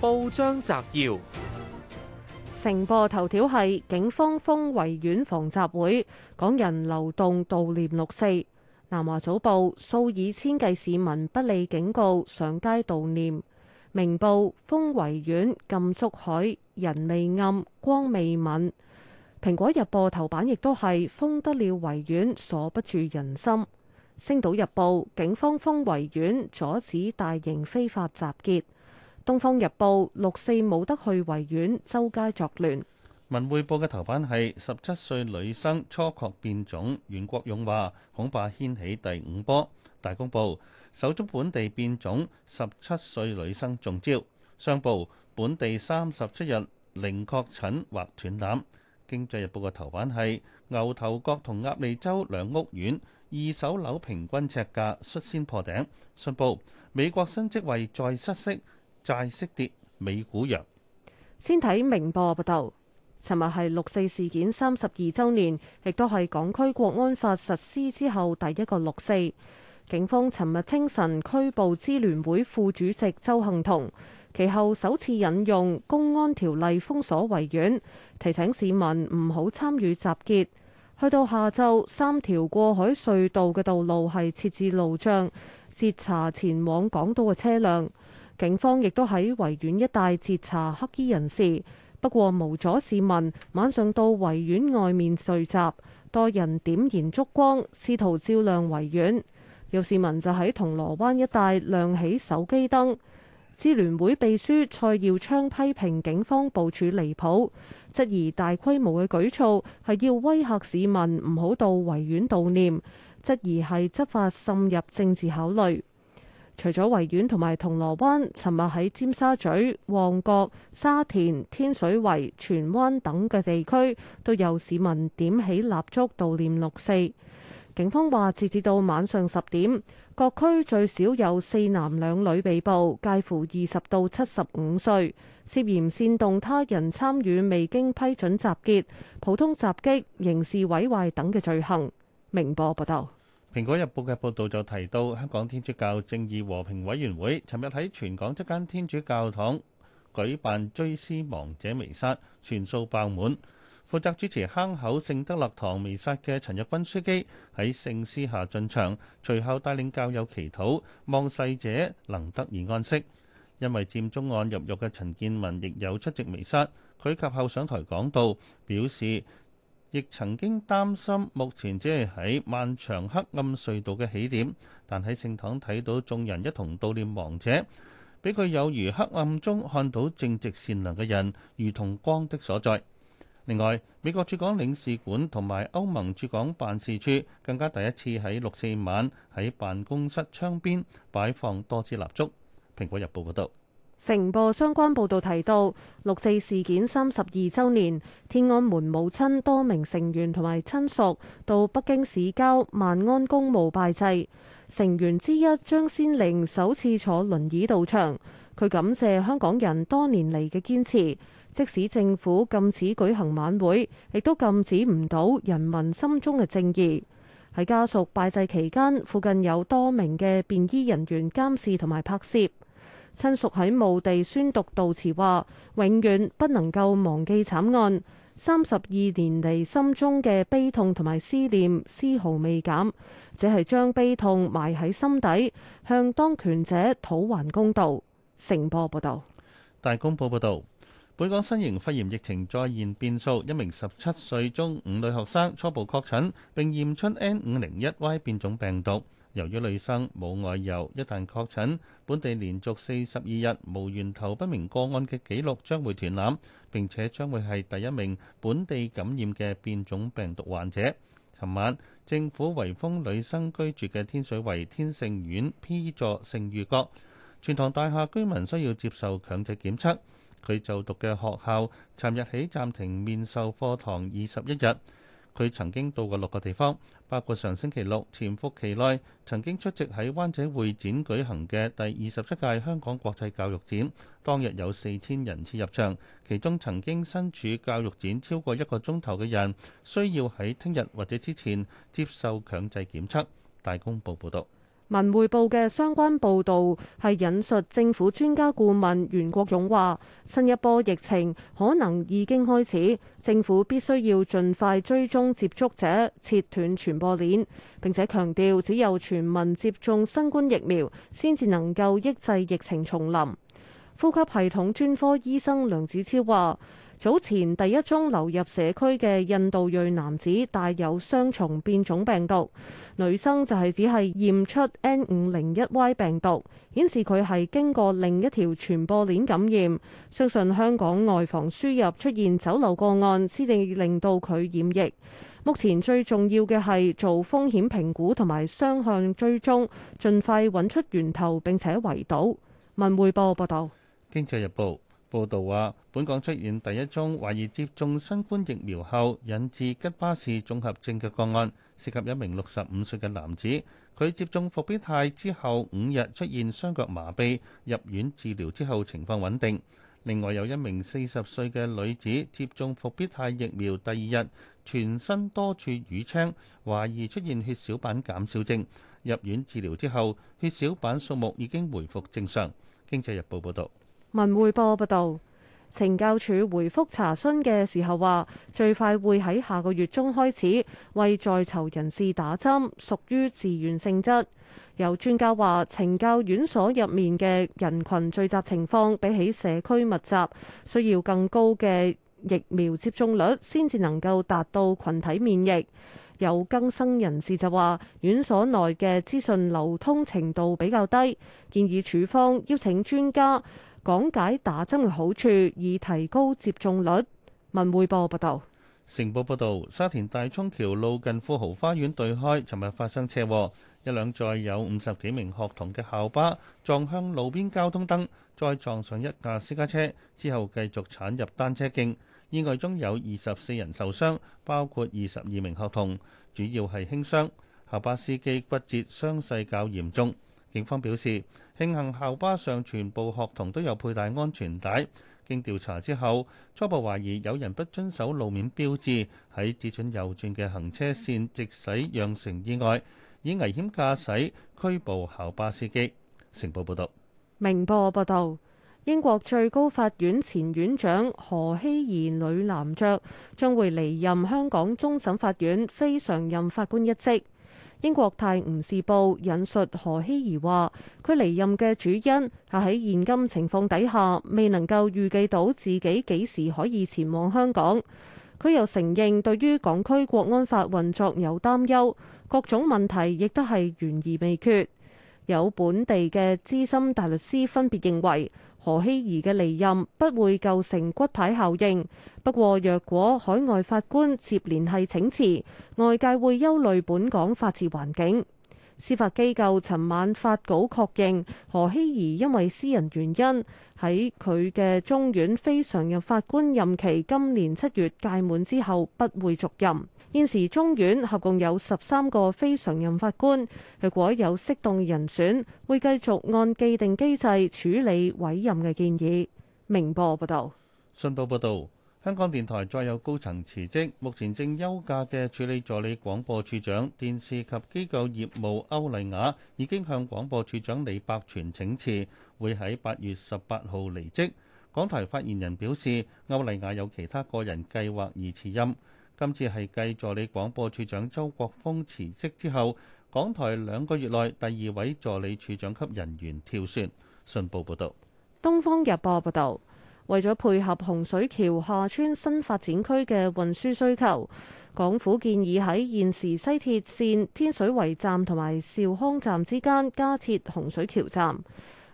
報章摘要：《成報》頭條係警方封維園，防集會，港人流動悼念六四。《南華早報》數以千計市民不理警告，上街悼念。《明報》封維園禁燭海，人未暗，光未泯。《蘋果日報》頭版亦都係封得了維園，鎖不住人心。《星島日報》警方封維園，阻止大型非法集結。《東方日報》六四冇得去維園，圍院周街作亂。《文匯報》嘅頭版係十七歲女生初確變種。袁國勇話：恐怕掀起第五波。《大公報》首足本地變種，十七歲女生中招。《商報》本地三十七日零確診或斷纜。《經濟日報》嘅頭版係牛頭角同鴨脷洲兩屋苑二手樓平均尺價率先破頂。《信報》美國新職位再失色。」債息跌，美股弱。先睇明報報、啊、道，尋日係六四事件三十二周年，亦都係港區國安法實施之後第一個六四。警方尋日清晨拘捕支聯會副主席鄒幸彤，其後首次引用公安條例封鎖維園，提醒市民唔好參與集結。去到下晝，三條過海隧道嘅道路係設置路障，截查前往港島嘅車輛。警方亦都喺維園一帶截查黑衣人士，不過無阻市民晚上到維園外面聚集，多人點燃燭光試圖照亮維園。有市民就喺銅鑼灣一帶亮起手機燈。支聯會秘書蔡耀昌批評警方部署離譜，質疑大規模嘅舉措係要威嚇市民唔好到維園悼念，質疑係執法滲入政治考慮。除咗維園同埋銅鑼灣，尋日喺尖沙咀、旺角、沙田、天水圍、荃灣等嘅地區，都有市民點起蠟燭悼念六四。警方話，截至到晚上十點，各區最少有四男兩女被捕，介乎二十到七十五歲，涉嫌煽動他人參與未經批准集結、普通襲擊、刑事毀壞等嘅罪行。明報報道。《蘋果日報》嘅報導就提到，香港天主教正義和平委員會尋日喺全港一間天主教堂舉辦追思亡者彌撒，全數爆滿。負責主持坑口聖德肋堂彌撒嘅陳日君樞機喺聖詩下進場，隨後帶領教友祈禱，望逝者能得以安息。因為佔中案入獄嘅陳健民亦有出席彌撒，佢及後上台講道，表示。亦曾經擔心，目前只係喺漫長黑暗隧道嘅起點，但喺聖堂睇到眾人一同悼念亡者，畀佢有如黑暗中看到正直善良嘅人，如同光的所在。另外，美國駐港領事館同埋歐盟駐港辦事處更加第一次喺六四晚喺辦公室窗邊擺放多支蠟燭。《蘋果日報》報導。成報相關報導提到，六四事件三十二週年，天安門母親多名成員同埋親屬到北京市郊萬安公墓拜祭。成員之一張先玲首次坐輪椅到場，佢感謝香港人多年嚟嘅堅持，即使政府禁止舉行晚會，亦都禁止唔到人民心中嘅正義。喺家屬拜祭期間，附近有多名嘅便衣人員監視同埋拍攝。親屬喺墓地宣讀悼詞，話永遠不能夠忘記慘案。三十二年嚟，心中嘅悲痛同埋思念絲毫未減。只係將悲痛埋喺心底，向當權者討還公道。成播》報道。大公報報道，本港新型肺炎疫情再現變數，一名十七歲中五女學生初步確診,並驗出 N 五零一 Y 變種病毒。由於女生冇外遊，一旦確診，本地連續四十二日無源頭不明個案嘅記錄將會斷纜，並且將會係第一名本地感染嘅變種病毒患者。尋晚，政府圍封女生居住嘅天水圍天盛苑 P 座盛裕閣，全幢大廈居民需要接受強制檢測。佢就讀嘅學校尋日起暫停面授課堂二十一日。佢曾經到過六個地方，包括上星期六潛伏期內曾經出席喺灣仔會展舉行嘅第二十七屆香港國際教育展，當日有四千人次入場，其中曾經身處教育展超過一個鐘頭嘅人，需要喺聽日或者之前接受強制檢測。大公報報道。文匯報嘅相關報導係引述政府專家顧問袁國勇話，新一波疫情可能已經開始，政府必須要盡快追蹤接觸者，切斷傳播鏈，並且強調，只有全民接種新冠疫苗，先至能夠抑制疫情重臨。呼吸系統專科醫生梁子超話：早前第一宗流入社區嘅印度裔男子帶有雙重變種病毒，女生就係只係驗出 N 五零一 Y 病毒，顯示佢係經過另一條傳播鏈感染。相信香港外防輸入出現走漏個案先至令到佢染疫。目前最重要嘅係做風險評估同埋雙向追蹤，盡快揾出源頭，並且圍堵。文匯報報道，《經濟日報》。報道話，本港出現第一宗懷疑接種新冠疫苗後引致吉巴氏綜合症嘅個案，涉及一名六十五歲嘅男子，佢接種復必泰之後五日出現雙腳麻痹，入院治療之後情況穩定。另外有一名四十歲嘅女子接種復必泰疫苗第二日全身多處瘀青，懷疑出現血小板減少症，入院治療之後血小板數目已經回復正常。經濟日報報導。文匯報報道，懲教署回覆查詢嘅時候話，最快會喺下個月中開始為在囚人士打針，屬於自願性質。有專家話，懲教院所入面嘅人群聚集情況比起社區密集，需要更高嘅疫苗接種率先至能夠達到群體免疫。有更生人士就話，院所內嘅資訊流通程度比較低，建議署方邀請專家。講解打針嘅好處，以提高接種率。文匯報報道：「成報報道，沙田大涌橋路近富豪花園對開，尋日發生車禍，一輛載有五十幾名學童嘅校巴撞向路邊交通燈，再撞上一架私家車，之後繼續鏟入單車徑。意外中有二十四人受傷，包括二十二名學童，主要係輕傷。校巴司機骨折，傷勢較嚴重。警方表示，慶幸校巴上全部學童都有佩戴安全帶。經調查之後，初步懷疑有人不遵守路面標誌，喺只準右轉嘅行車線直駛，釀成意外，以危險駕駛拘捕校巴司機。成報報道：「明報報道，英國最高法院前院長何希賢女男爵將會離任香港終審法院非常任法官一職。英國《泰晤士報》引述何希儀話，佢離任嘅主因係喺現今情況底下，未能夠預計到自己幾時可以前往香港。佢又承認對於港區國安法運作有擔憂，各種問題亦都係懸而未決。有本地嘅資深大律師分別認為，何熙怡嘅離任不會構成骨牌效應，不過若果海外法官接連系請辭，外界會憂慮本港法治環境。司法機構尋晚發稿確認，何熙怡因為私人原因。喺佢嘅中院非常任法官任期今年七月屆滿之後不會續任。現時中院合共有十三個非常任法官，如果有適當人選會繼續按既定機制處理委任嘅建議。明報報道。信報報導。香港電台再有高層辭職，目前正休假嘅處理助理廣播處長電視及機構業務歐麗雅已經向廣播處長李百全請辭，會喺八月十八號離職，港台發言人表示，歐麗雅有其他個人計劃而辭任。今次係繼助理廣播處長周國峰辭職之後，港台兩個月內第二位助理處長級人員跳船，信報報道，東方日報報道。為咗配合洪水橋廈村新發展區嘅運輸需求，港府建議喺現時西鐵線天水圍站同埋兆康站之間加設洪水橋站。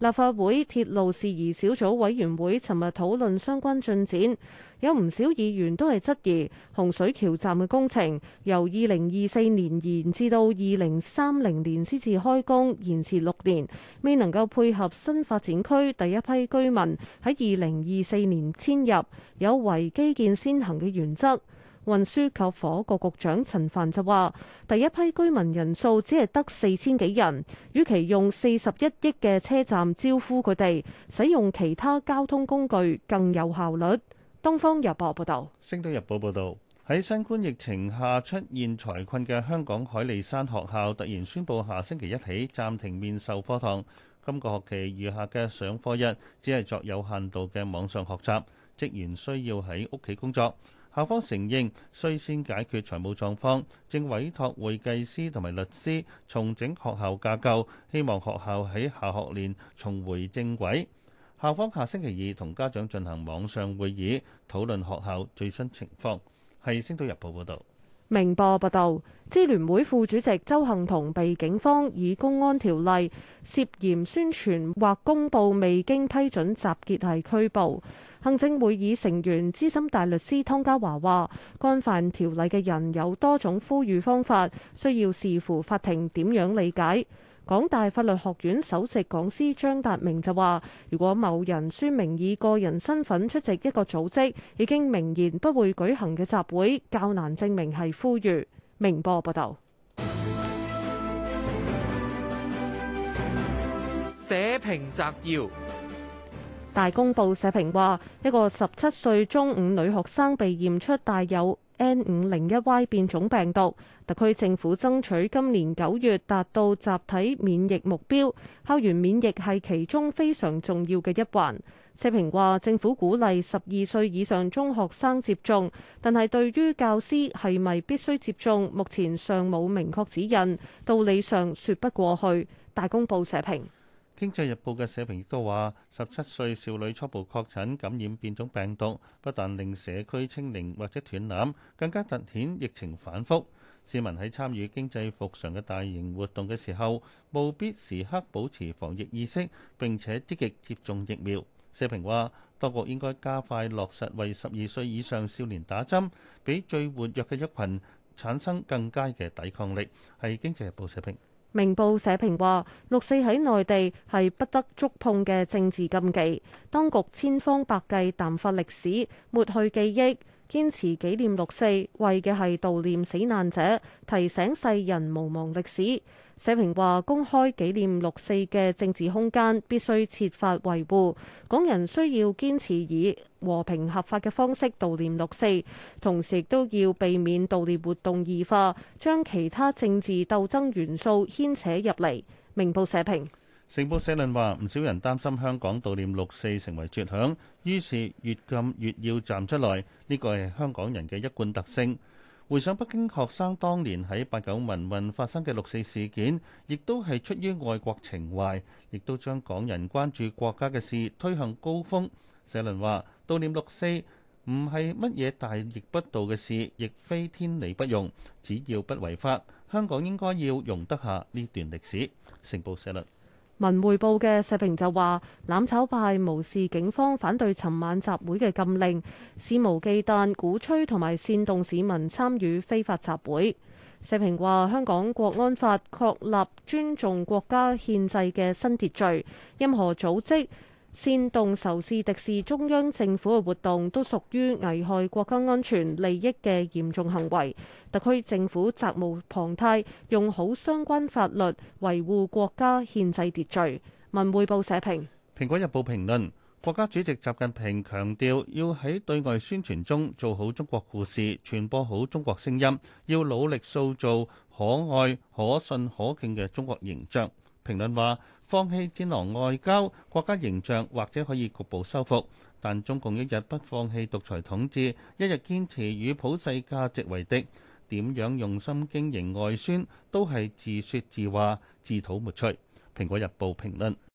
立法會鐵路事宜小組委員會尋日討論相關進展，有唔少議員都係質疑洪水橋站嘅工程由二零二四年延至到二零三零年先至開工，延遲六年，未能夠配合新發展區第一批居民喺二零二四年遷入，有違基建先行嘅原則。運輸及火局局長陳帆就話：第一批居民人數只係得四千幾人，與其用四十一億嘅車站招呼佢哋，使用其他交通工具更有效率。東方日報報道，星島日報報道：喺新冠疫情下出現財困嘅香港海利山學校，突然宣布下星期一起暫停面授課堂，今個學期餘下嘅上課日只係作有限度嘅網上學習，職員需要喺屋企工作。校方承認需先解決財務狀況，正委託會計師同埋律師重整學校架構，希望學校喺下學年重回正軌。校方下星期二同家長進行網上會議，討論學校最新情況。係星島日報報道。明報報道，支聯會副主席鄒幸彤被警方以公安條例涉嫌宣傳或公布未經批准集結，係拘捕。行政會議成員資深大律師湯家驊話，干犯條例嘅人有多種呼籲方法，需要視乎法庭點樣理解。港大法律學院首席講師張達明就話，如果某人宣明以個人身份出席一個組織，已經明言不會舉行嘅集會，較難證明係呼籲。明報報道。社評摘要：大公報社評話，一個十七歲中五女學生被驗出帶有 N 五零一 Y 變種病毒，特區政府爭取今年九月達到集體免疫目標。校園免疫係其中非常重要嘅一環。社評話，政府鼓勵十二歲以上中學生接種，但係對於教師係咪必須接種，目前尚冇明確指引，道理上説不過去。大公報社評。經濟日報嘅社評亦都話：十七歲少女初步確診感染變種病毒，不但令社區清零或者斷纜，更加突顯疫情反覆。市民喺參與經濟復常嘅大型活動嘅時候，務必時刻保持防疫意識，並且積極接種疫苗。社評話：多國應該加快落實為十二歲以上少年打針，俾最活躍嘅一羣產生更佳嘅抵抗力。係經濟日報社評。明報社評話：六四喺內地係不得觸碰嘅政治禁忌，當局千方百計淡化歷史、抹去記憶。堅持紀念六四，為嘅係悼念死難者，提醒世人毋忘歷史。社評話，公開紀念六四嘅政治空間必須設法維護，港人需要堅持以和平合法嘅方式悼念六四，同時亦都要避免悼念活動異化，將其他政治鬥爭元素牽扯入嚟。明報社評。成報社論話：唔少人擔心香港悼念六四成為絕響，於是越禁越要站出來。呢個係香港人嘅一貫特性。回想北京學生當年喺八九民運發生嘅六四事件，亦都係出於愛國情懷，亦都將港人關注國家嘅事推向高峰。社論話：悼念六四唔係乜嘢大逆不道嘅事，亦非天理不容。只要不違法，香港應該要容得下呢段歷史。成報社論。文匯報嘅社評就話，攬炒派無視警方反對尋晚集會嘅禁令，肆無忌憚鼓吹同埋煽動市民參與非法集會。社評話，香港國安法確立尊重國家憲制嘅新秩序，任何組織。煽動仇視敵視中央政府嘅活動，都屬於危害國家安全利益嘅嚴重行為。特區政府責無旁貸，用好相關法律維護國家憲制秩序。文匯報社評。《蘋果日報》評論：國家主席習近平強調，要喺對外宣傳中做好中國故事，傳播好中國聲音，要努力塑造可愛、可信、可敬嘅中國形象。評論話。放棄戰狼外交，國家形象或者可以局部修復，但中共一日不放棄獨裁統治，一日堅持與普世價值為敵。點樣用心經營外宣，都係自説自話、自討沒趣。《蘋果日報》評論。